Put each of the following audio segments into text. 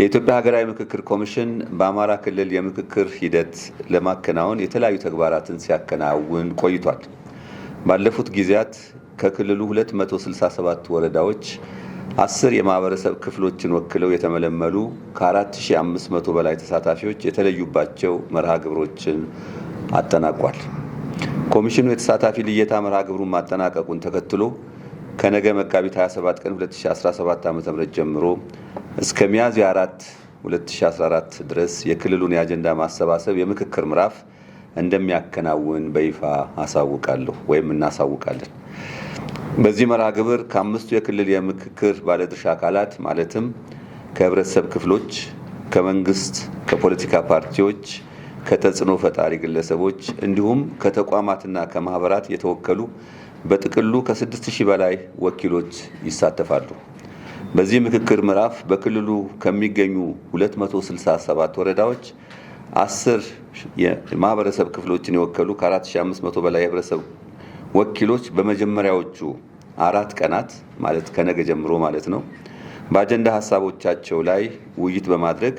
የኢትዮጵያ ሀገራዊ ምክክር ኮሚሽን በአማራ ክልል የምክክር ሂደት ለማከናወን የተለያዩ ተግባራትን ሲያከናውን ቆይቷል። ባለፉት ጊዜያት ከክልሉ 267 ወረዳዎች አስር የማህበረሰብ ክፍሎችን ወክለው የተመለመሉ ከ4500 በላይ ተሳታፊዎች የተለዩባቸው መርሃ ግብሮችን አጠናቋል። ኮሚሽኑ የተሳታፊ ልየታ መርሃ ግብሩን ማጠናቀቁን ተከትሎ ከነገ መጋቢት 27 ቀን 2017 ዓ.ም ጀምሮ እስከ ሚያዝያ 4 2014 ድረስ የክልሉን የአጀንዳ ማሰባሰብ የምክክር ምዕራፍ እንደሚያከናውን በይፋ አሳውቃለሁ ወይም እናሳውቃለን። በዚህ መርሃ ግብር ከአምስቱ የክልል የምክክር ባለድርሻ አካላት ማለትም ከህብረተሰብ ክፍሎች፣ ከመንግስት፣ ከፖለቲካ ፓርቲዎች፣ ከተጽዕኖ ፈጣሪ ግለሰቦች እንዲሁም ከተቋማትና ከማህበራት የተወከሉ በጥቅሉ ከ6000 በላይ ወኪሎች ይሳተፋሉ። በዚህ ምክክር ምዕራፍ በክልሉ ከሚገኙ 267 ወረዳዎች 10 የማህበረሰብ ክፍሎችን የወከሉ ከ4500 በላይ የህብረተሰብ ወኪሎች በመጀመሪያዎቹ አራት ቀናት ማለት ከነገ ጀምሮ ማለት ነው በአጀንዳ ሀሳቦቻቸው ላይ ውይይት በማድረግ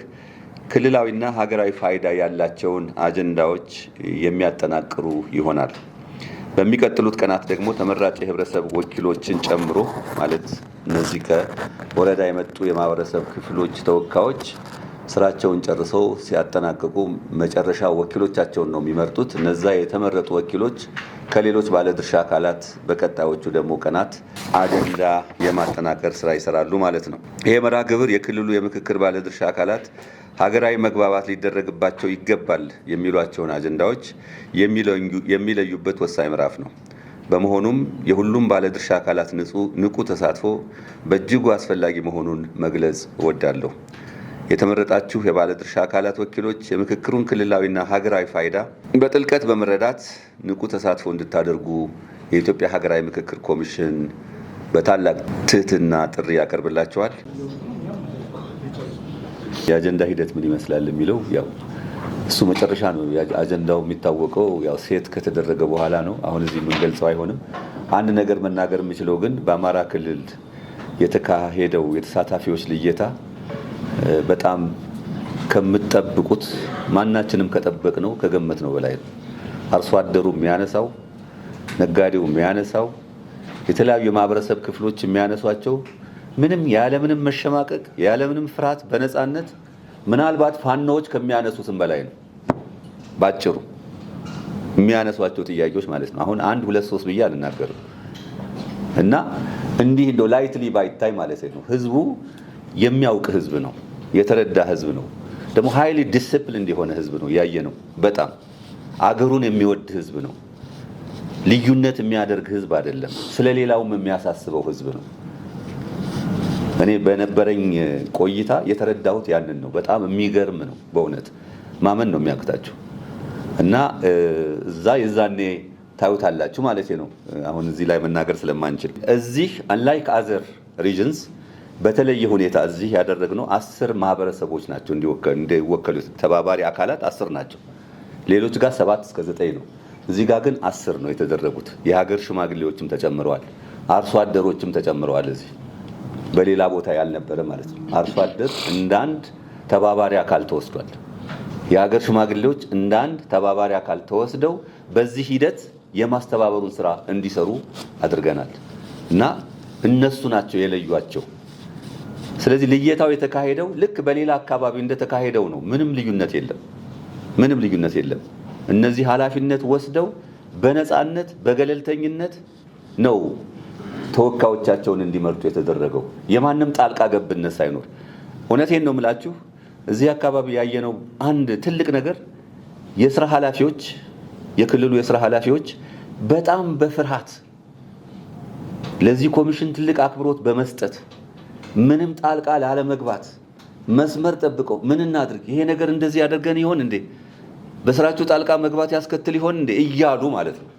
ክልላዊና ሀገራዊ ፋይዳ ያላቸውን አጀንዳዎች የሚያጠናቅሩ ይሆናል። በሚቀጥሉት ቀናት ደግሞ ተመራጭ የህብረተሰብ ወኪሎችን ጨምሮ ማለት እነዚህ ከወረዳ የመጡ የማህበረሰብ ክፍሎች ተወካዮች ስራቸውን ጨርሰው ሲያጠናቅቁ መጨረሻ ወኪሎቻቸውን ነው የሚመርጡት። እነዛ የተመረጡ ወኪሎች ከሌሎች ባለድርሻ አካላት በቀጣዮቹ ደግሞ ቀናት አጀንዳ የማጠናቀር ስራ ይሰራሉ ማለት ነው። ይሄ መርሃ ግብር የክልሉ የምክክር ባለድርሻ አካላት ሀገራዊ መግባባት ሊደረግባቸው ይገባል የሚሏቸውን አጀንዳዎች የሚለዩበት ወሳኝ ምዕራፍ ነው። በመሆኑም የሁሉም ባለድርሻ አካላት ንቁ ተሳትፎ በእጅጉ አስፈላጊ መሆኑን መግለጽ እወዳለሁ። የተመረጣችሁ የባለድርሻ አካላት ወኪሎች የምክክሩን ክልላዊና ሀገራዊ ፋይዳ በጥልቀት በመረዳት ንቁ ተሳትፎ እንድታደርጉ የኢትዮጵያ ሀገራዊ ምክክር ኮሚሽን በታላቅ ትህትና ጥሪ ያቀርብላቸዋል። የአጀንዳ ሂደት ምን ይመስላል የሚለው ያው እሱ መጨረሻ ነው። አጀንዳው የሚታወቀው ያው ሴት ከተደረገ በኋላ ነው። አሁን እዚህ የምንገልጸው አይሆንም። አንድ ነገር መናገር የምችለው ግን በአማራ ክልል የተካሄደው የተሳታፊዎች ልየታ በጣም ከምትጠብቁት ማናችንም ከጠበቅ ነው ከገመት ነው በላይ ነው። አርሶ አደሩ የሚያነሳው፣ ነጋዴው የሚያነሳው፣ የተለያዩ የማህበረሰብ ክፍሎች የሚያነሷቸው ምንም ያለምንም መሸማቀቅ ያለምንም ፍርሃት በነፃነት ምናልባት ፋኖዎች ከሚያነሱትም በላይ ነው። ባጭሩ የሚያነሷቸው ጥያቄዎች ማለት ነው። አሁን አንድ ሁለት ሶስት ብዬ አልናገርም እና እንዲህ እንደው ላይትሊ ባይታይ ማለት ነው። ህዝቡ የሚያውቅ ህዝብ ነው። የተረዳ ህዝብ ነው። ደግሞ ሀይሊ ዲስፕሊን የሆነ ህዝብ ነው ያየ ነው። በጣም አገሩን የሚወድ ህዝብ ነው። ልዩነት የሚያደርግ ህዝብ አይደለም። ስለ ሌላውም የሚያሳስበው ህዝብ ነው። እኔ በነበረኝ ቆይታ የተረዳሁት ያንን ነው። በጣም የሚገርም ነው። በእውነት ማመን ነው የሚያቅታችሁ። እና እዛ የዛኔ ታዩታላችሁ ማለት ነው። አሁን እዚህ ላይ መናገር ስለማንችል እዚህ አንላይክ አዘር ሪጅንስ በተለየ ሁኔታ እዚህ ያደረግነው አስር ማህበረሰቦች ናቸው እንዲወከሉ ተባባሪ አካላት አስር ናቸው። ሌሎች ጋር ሰባት እስከ ዘጠኝ ነው። እዚህ ጋር ግን አስር ነው የተደረጉት። የሀገር ሽማግሌዎችም ተጨምረዋል፣ አርሶ አደሮችም ተጨምረዋል። እዚህ በሌላ ቦታ ያልነበረ ማለት ነው። አርሶ አደር እንደ አንድ ተባባሪ አካል ተወስዷል። የሀገር ሽማግሌዎች እንዳንድ ተባባሪ አካል ተወስደው በዚህ ሂደት የማስተባበሩን ስራ እንዲሰሩ አድርገናል እና እነሱ ናቸው የለዩቸው። ስለዚህ ልየታው የተካሄደው ልክ በሌላ አካባቢ እንደተካሄደው ነው። ምንም ልዩነት የለም። ምንም ልዩነት የለም። እነዚህ ኃላፊነት ወስደው በነፃነት በገለልተኝነት ነው ተወካዮቻቸውን እንዲመርጡ የተደረገው የማንም ጣልቃ ገብነት ሳይኖር። እውነቴን ነው የምላችሁ እዚህ አካባቢ ያየነው አንድ ትልቅ ነገር የስራ ኃላፊዎች የክልሉ የስራ ኃላፊዎች በጣም በፍርሃት ለዚህ ኮሚሽን ትልቅ አክብሮት በመስጠት ምንም ጣልቃ ላለመግባት መስመር ጠብቀው ምን እናድርግ፣ ይሄ ነገር እንደዚህ ያደርገን ይሆን እንዴ፣ በስራችሁ ጣልቃ መግባት ያስከትል ይሆን እንዴ እያሉ ማለት ነው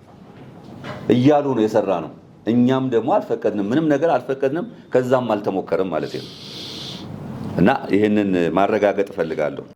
እያሉ ነው የሰራ ነው። እኛም ደግሞ አልፈቀድንም፣ ምንም ነገር አልፈቀድንም፣ ከዛም አልተሞከረም ማለት ነው። እና ይህንን ማረጋገጥ እፈልጋለሁ።